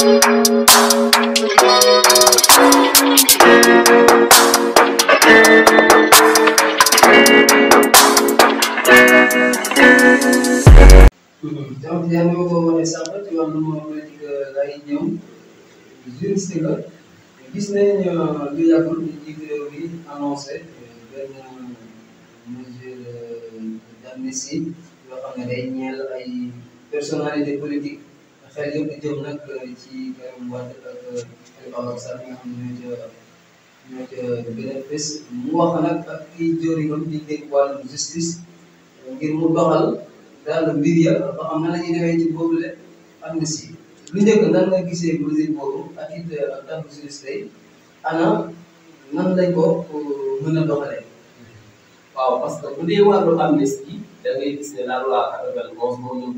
donc yaa ngi ko wane sànq ci wàllu politique lay ñëw juriste la gis nañ lu yàggul njiit réew mi annoncé benn mesure d'amnistie yoo xam ne day ñeel ay personnalité politique xel yëpp jëm euh, ci Karim Wade ak euh, Khalifa Ababacar Sall nga mu wax nag ak kii jëriñam di dégg justice ngir mu doxal daal mbir ya ba xam na la ñuy demee ci lu njëkk nan nga gisee mesure boobu ak it euh, ak tàggu justice nan lañ ko mën a doxalee. waaw parce que bu dee wàllu amnistie da ngay gis ne la ko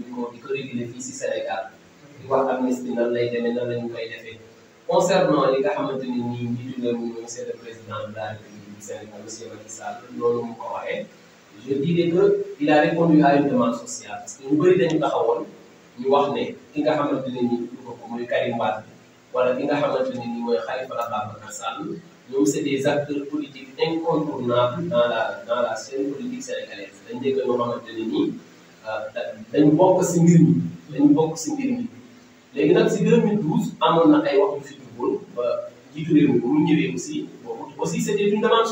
di ko réguler si Sénégal. wax amnistie nan lay demee nan lañu koy defee concernant li nga xamante ni nii njiitu réew mi monsieur le président de la République du Sénégal monsieur Macky Sall loolu mu ko je dirais que il a répondu à une demande sociale parce que ñu bëri dañu taxawoon ñu wax ne ki nga xamante ne nii du ko wala ki nga xamante ni nii mooy Khalifa Ababacar Sall ñoom c'est des acteurs politiques incontournables dans la dans la scène politique sénégalaise dañ dégg ñoo euh, dañu bokk si mbir léegi nag si 2012 amoon na ay wax yu fi duggoon ba jiitu réew mu ñëwee aussi boobu aussi c' était une demande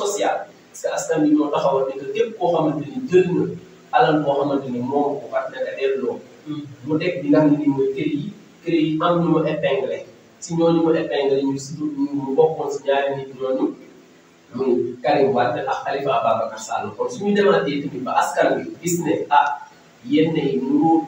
askan bi ñoo taxawal ne képp koo xamante ni jël na alal boo xamante ni moom ko fat naka delloo mm-hmm. mu teg di nga xam ne ni mooy yi kër yi am ñu mu épinglé si ñooñu mu épinglé ñu si ñu bokkoon si ñaari nit ñooñu muy Karim Wade ak Khalifa Ababacar Sall kon suñu demaatee tamit ba askan bi gis ne ah yenn yi mënoo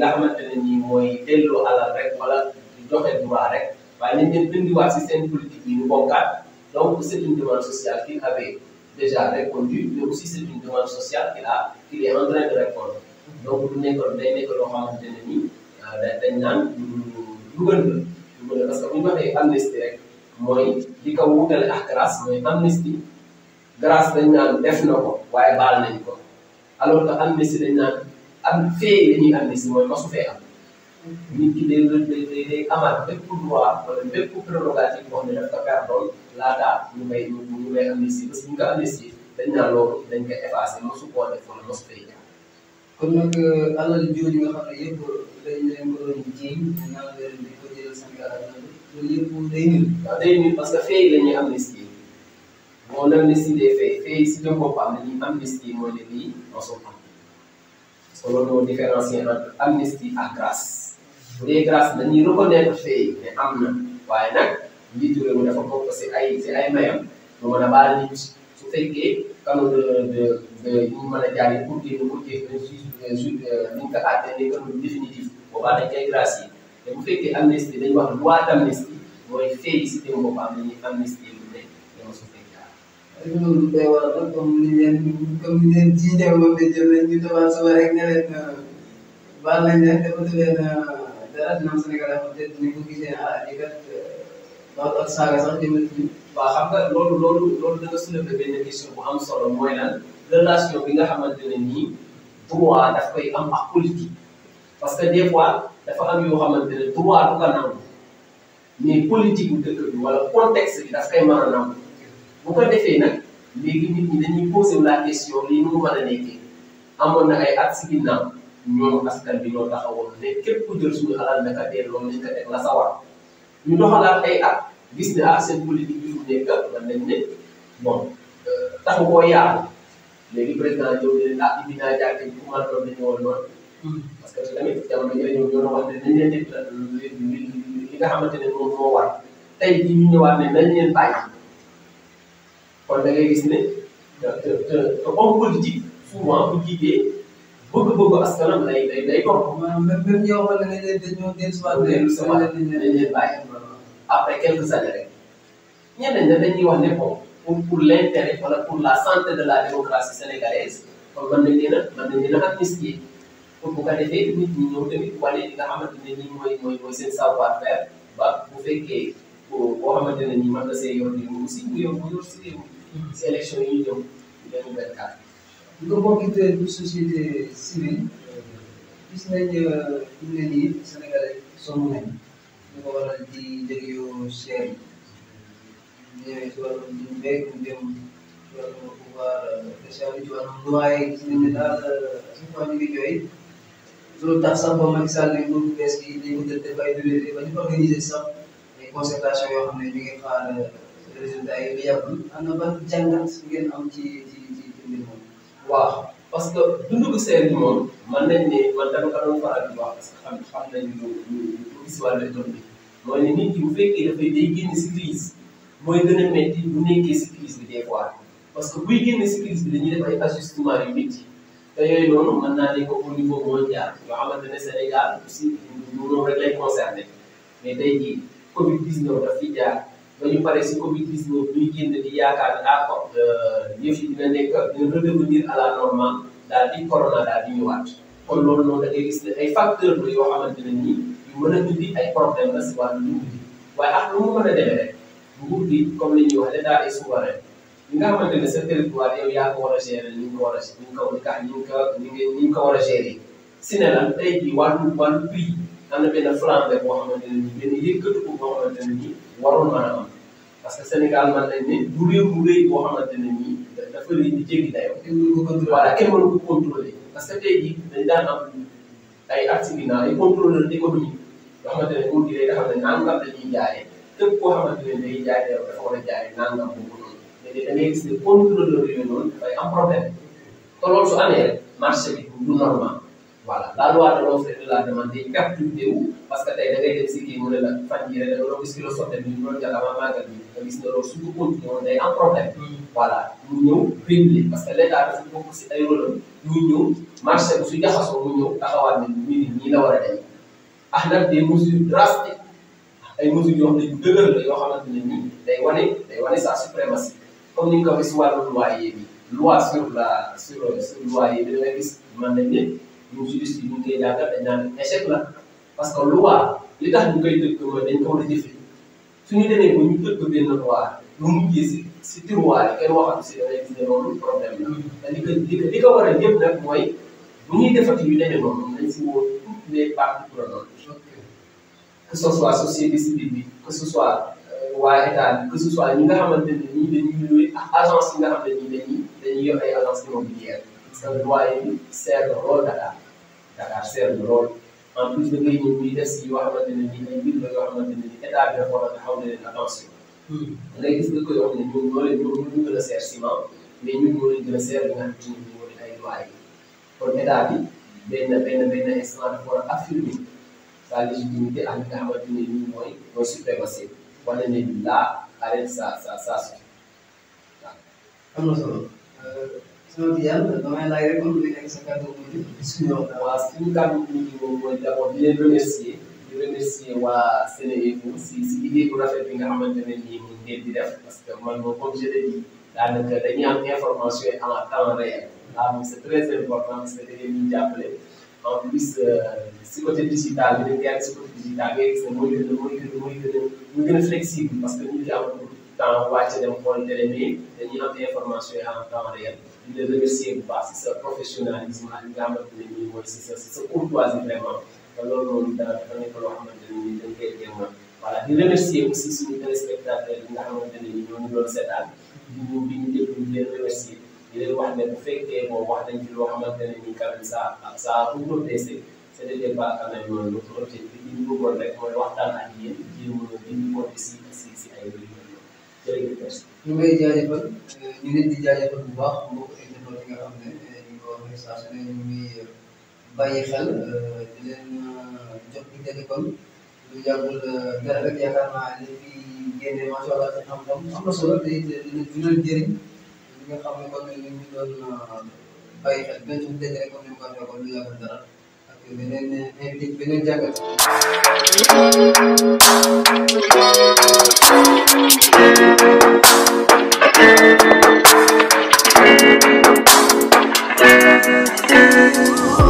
nga xamante ne nii mooy delloo alal rek wala di joxe droit rek waaye nañ leen bindiwaat si seen politique yi ñu bokkaat donc c' est une demande sociale qu'il avait déjà répondu mais aussi c' est une demande sociale qu'il a qu'il est en train de répondre donc du nekkoon day nekk loo xamante ne nii euh, dañ naan dugal la rek mooy li ko wutale ak grâce mooy amnistie grâce dañ naan def na ko waaye baal nañ ko alors que naan. am fee dañuy am si mooy masu fee am. nit ki day day day amaat bépp droit wala bépp prérogative boo xam ne daf ko perdoon laata ñu may ñu may amnistie parce que bu ñu ko amnistie dañ naan loolu dañ ko effacé mosu koo def wala mosu fay jaar. kon nag euh, alal jooju nga xam ne yëpp dañ leen ko doon jiiñ naan leen di ko jëlee Sénégal ak loolu yëpp day nul. waaw day nul parce que fee yi la ñuy amnistie moo amnistie des faits fee yi si jëm boppam dañuy amnistie mooy ne lii mosul selon différencier entre amnistie ak grâce bu dee grâce dañuy reconnaître fee ne am na waaye nag njiitu réew mi dafa bokk si ay si ay mayam mu mën a baal nit su fekkee canon de de de ñu mën a jaaree pour que pour que su ñu euh, euh, ko àttee canon définitif boobaa dañ koy yi te bu fekkee amnistie dañuy wax loi d'amnistie mooy fee yi si teew boppam dañuy amnistie lu ne dama su loolu day waral la comme ni ngeen comme ni ngeen jiitee moom de jël nañ ñu tabax suba rek ne leen baal nañ leen defatu leen dara dinaam Sénégal wax dëgg ni ko gisee ah di kat loolu ak saaga sax jëmale ci. waaw xam nga loolu loolu loolu da nga soulevé benn question bu am solo mooy lan relation bi nga xamante ne nii droit daf koy am ak politique parce que des fois dafa am yoo xamante ne droit du ko nangu mais politique bu dëkk bi wala contexte bi daf koy mën a nangu. o ko defee nag léegi nit ñi dañuy posé wu la question lii nu mu mën a nekkee amoon na ay at si ginnaaw ñoom askan bi ñoo taxawoon ne képp ku jël suñu alal naka delloo nañ ko teg la sawar ñu doxalaat ay at gis ne ah seen politique bi mu nekk man nañ ne bon euh, taxu koo yaatu léegi président ñëw ne leen ah indi naa jàkkee bi ku mën doon dañu woon noonu parce que tamit jamono jële ñoom ñoo xamante ne nañ leen def li nga xamante ne moom moo war tey jii ñu ñëwaat ne nañ leen bàyyi kon da ngay gis ne te te te homme politique souvent bu jiitee bëgg-bëggu askanam lay lay lay topp. waaw même même ñoo xam ne dañoo dellusiwaat. dellusiwaat dañu leen bàyyi. après quelques années rek ñeneen ña dañuy wax ne bon pour pour l' intérêt wala pour la santé de la démocratie sénégalaise kon mën nañ leen a mën nañ leen a amnistier pour bu ko defee nit ñi ñëw tamit wane li nga xamante ne nii mooy mooy mooy seen savoir faire ba bu fekkee boo xamante ne nii mën na see yor réew mi aussi mu yor mu yor si réew mi si élection yi ñëw 2024. bu ko bokkitee bu société civile euh, gis nañ euh, fi mu ne nii Sénégal sonn nañ ñu ko waral di njëg yu cher yi ñëwee ci wàllum dund beeg mu jëm ci wàllum pouvoir d'achat euh, ci wàllum loyer gis nañ ne daal suñu fan yu jooy loolu tax sax ba Macky Sall li mu bees gi dañu ko jël dafay ba ñu organiser sax ay concertation yoo xam ne ñu ngi xaar. résultats yi yàggul am na ban jàngat ngeen am ci ci ci ci moom. waaw parce que dundu seen moom man nañ ne man dama ko doon faral di wax parce que xam xam nañu lu lu lu gis wàllu école bi mooy ne nit ki bu fekkee dafay day génn si crise mooy gën a métti bu nekkee si crise bi des fois parce que buy génn si crise bi dañuy def ay ajustement yu métti te yooyu noonu mën naa ne ko au niveau mondial yoo xamante ne Sénégal aussi moom rek lay concerné mais tey jii Covid ba ñu pare si Covid 19 ñuy génn di yaakaar ne ah kon euh, yëf yi dina nekk de redevenir à la normale daal di corona daal di ñëwaat kon loolu noonu da ngay gis ne ay facteurs la yoo xamante ne nii yu mën a indi ay problème la si wàllu dund bi waaye ak lu mu mën a demee rek comme li ñuy wax l'état est souverain li nga xamante ne sa territoire yow yaa ko war a gérer ni ñu ko war ni ñu ko ni si ne la tey jii wàllu wàllu am na benn flambée boo xamante ne nii benn yëkkatu ko boo xamante ne nii warul mën a am parce que Sénégal man nañ ne bu réew bu rëy boo xamante ne nii dafa rëy di jéggi dayoo. kenn mënu ko contrôler voilà kenn mënu ko contrôler parce que tey jii dañ daan am ay accident ay contrôleur économique yoo xamante ne nguur gi day taxaw ne nangam dañuy jaayee képp koo xamante ne day jaay dayoo dafa war a jaay nangam boobu noonu léegi da ngay gis ne contrôleur yooyu noonu dafay am problème te loolu su amee rek marché bi du normal. voilà la loi de l'offre et de la demande day perturbé wu parce que tey da ngay dem si kii mu ne la fan yii rek da nga doon gis kilo sotte bi ñu doon jàll avant màggal bi nga gis ne loolu su ko continué day am problème. Hmm. voilà ñu ñëw réguler parce que l'état dafa bokk si ay rôle ñu ñëw marché bi su jaxasoo mu ñëw taxawaat ne ñii ñii la war a demee. ah nag des mesures drastiques ay mesures yoo xam ne yu dëgër la yoo xamante ne nii day wane day wane sa suprématie comme ni nga ko waxee si wàllu loi yi bi loi sur la sur sur loi yi bi da ngay gis man nañ ne. ñun juriste yi ñu ngi koy jàngal dañ naan échec la parce que loi li tax ñu koy dëkk mooy dañ ko war a jëfee suñu demee ba ñu dëkk benn loi mu mujjee si si tiroir yi kenn waxatu si dafay gis ne loolu problème la. te li ko li ko war a ñëpp nag mooy bu ñuy defati yu demee noonu dañ si woo toutes les parties prenantes que ce soit société civile bi que ce soit waa état bi que ce soit ñi nga xamante ne nii dañuy agence yi nga xam ne nii dañuy dañuy yor ay agence immobilière sa doyen bi seer na lool Dakar Dakar seer na lool en plus da ngay ñëw ñuy def si yoo xamante ne nii ay mbir la yoo xamante ne nii état bi dafa war a taxaw na leen attention. da ngay gis dëkk yoo xam ne ñoom ñoo leen ñoom ñu gën a seer ciment mais ñun ñoo leen gën a seer li nga xamante ne moo di ay doyen kon état bi benn benn benn instant dafa war a affirmer sa légitimité ak li nga xamante ne nii mooy mooy suprématie wane ne laa arrêté sa sa sa suuf waaw. am na uh, solo. loolu yàlla damay laaj rek comme li nga gis nga gàddu gi. waaw suñu kàddu gi ñu moom mooy d' abord di leen remercier di remercier waa Sénégal si si liggéey bu rafet bi nga xamante ne nii moom ngeen di def parce que man moom comme je l'ai dit daanaka dañuy am information yi en temps réel waaw moom c' est très important parce que da ngeen ñuy jàppale en plus si côté digital bi dañ koy àgg si côté digital bi gis nga mooy gën a mooy gën a mooy gën a muy gën a flexible parce que ñu ngi am temps wàcc dem xool télé mais dañuy am information yi en temps réel. di la remercier bu baax si sa professionnalisme ak nga xamante ne nii mooy si sa si sa courtoisie vraiment te loolu noonu da dafa nekk loo xamante ne nii dañ koy jéem voilà di remercier aussi suñu téléspectateur yi nga xamante ne nii ñoo ñu doon seetaan di ñu di ñu déglu di leen remercier di leen wax ne bu fekkee moom wax nañ ci loo xamante ne nii quand même ça ça pour le PC ce n'était pas quand même notre objectif li ñu bëggoon rek mooy waxtaan ak yéen jéem a dindi ko si si si ay mbir yu mel noonu jërëjëf. ñu ngi lay jaajëfal ñu ngi leen di jaajëfal bu baax. saa su ne ñu ngi bàyyi xel euh, di leen euh, jox di dégg kon lu yàggul euh, dara rek yaakaar naa li fi génne macha allah te xam-xam am solo te it dina dina jëriñ li nga xam xel benn suñu dégg rek Thank you.